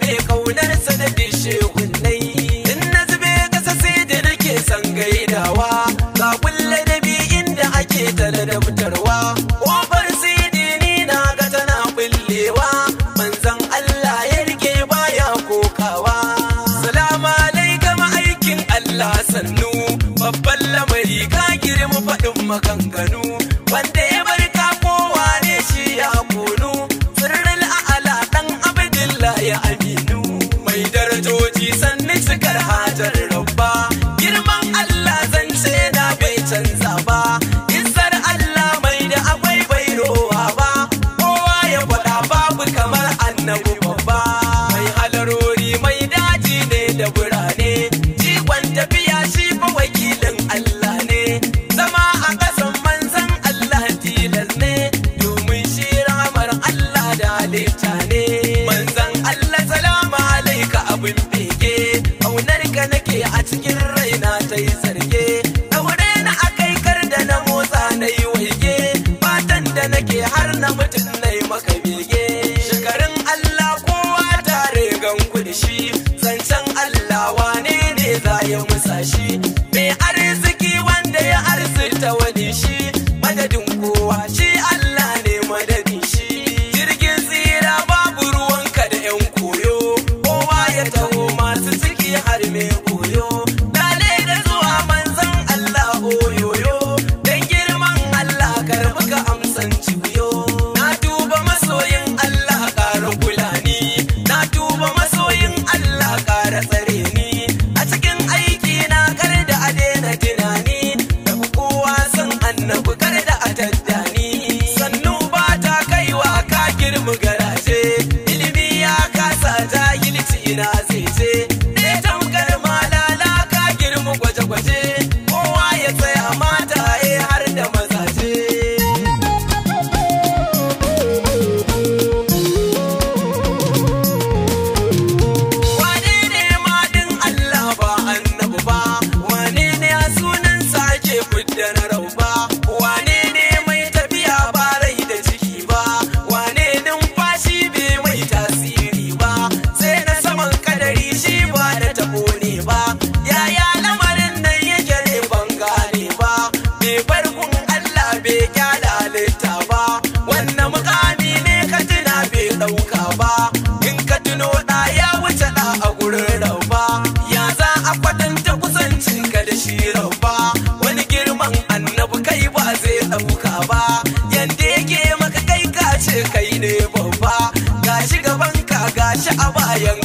zube kaunar sa da bishe hunnai in na zube kasa sai da nake san gaidawa ga kulle da bi inda ake tare da kofar sidi ni na ga tana kullewa manzan Allah ya rike baya kokawa salamu alaikum aikin Allah sannu babban lamari ka girma faɗin maganganu mai darajoji sannan cikar hajar abin bege aunar ka nake a cikin raina ta yi sarge daure na akai kar da na motsa na yi waige fatan da nake har na mutum na yi maka bege shekarun Allah kowa tare gan kudishi Gracias. not.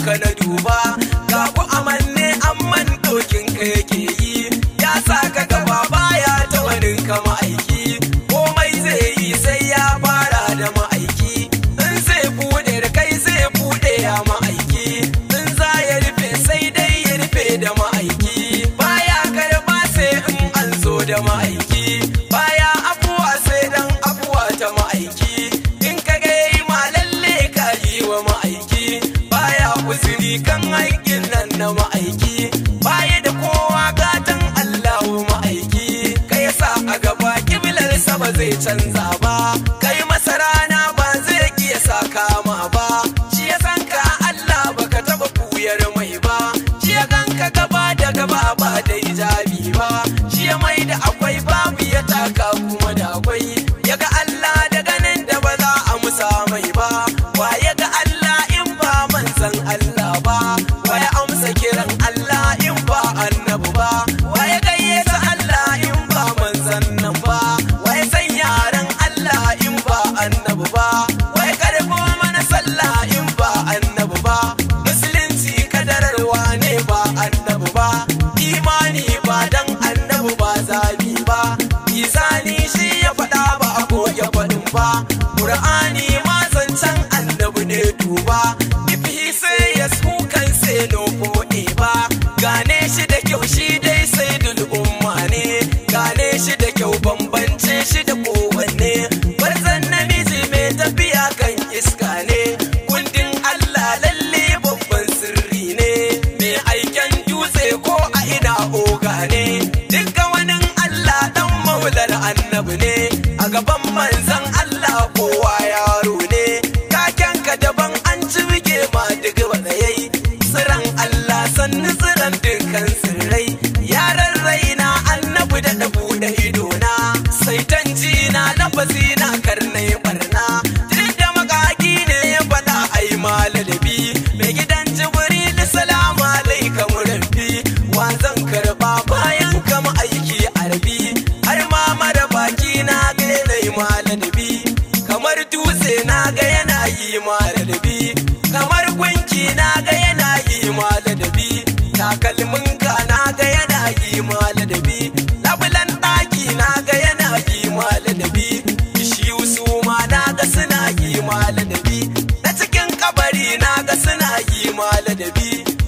ka na duba young like no more.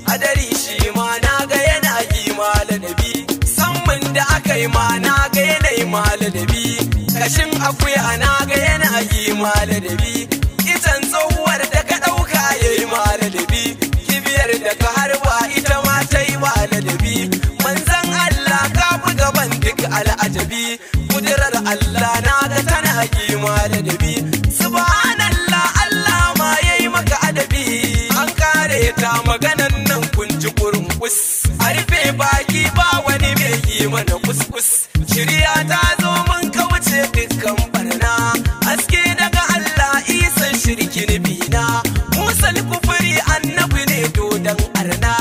hadari shi ma na ga yana yi ma ladabi sammin da aka yi ma na ga yana yi ma ladabi kashin akuya na ga yana yi ma ladabi itan tsohuwar da ka ɗauka ya yi ma ladabi kibiyar da ka harba ita ma ta yi ma ladabi manzan Allah ka buga gaban duk al'ajabi kudirar Allah na mana kuskus shirya ta zo mun kauce dukkan barna haske daga Allah isa shirkin bina musal kufuri annabi ne dodon arna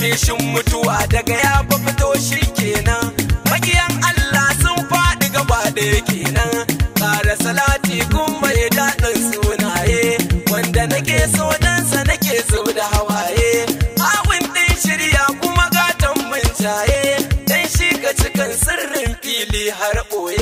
bishin mutuwa daga ya fito shi kenan makiyan Allah sun faɗi gaba ɗaya kenan ƙara salati kuma ya dadin sunaye wanda nake so na har ɓoye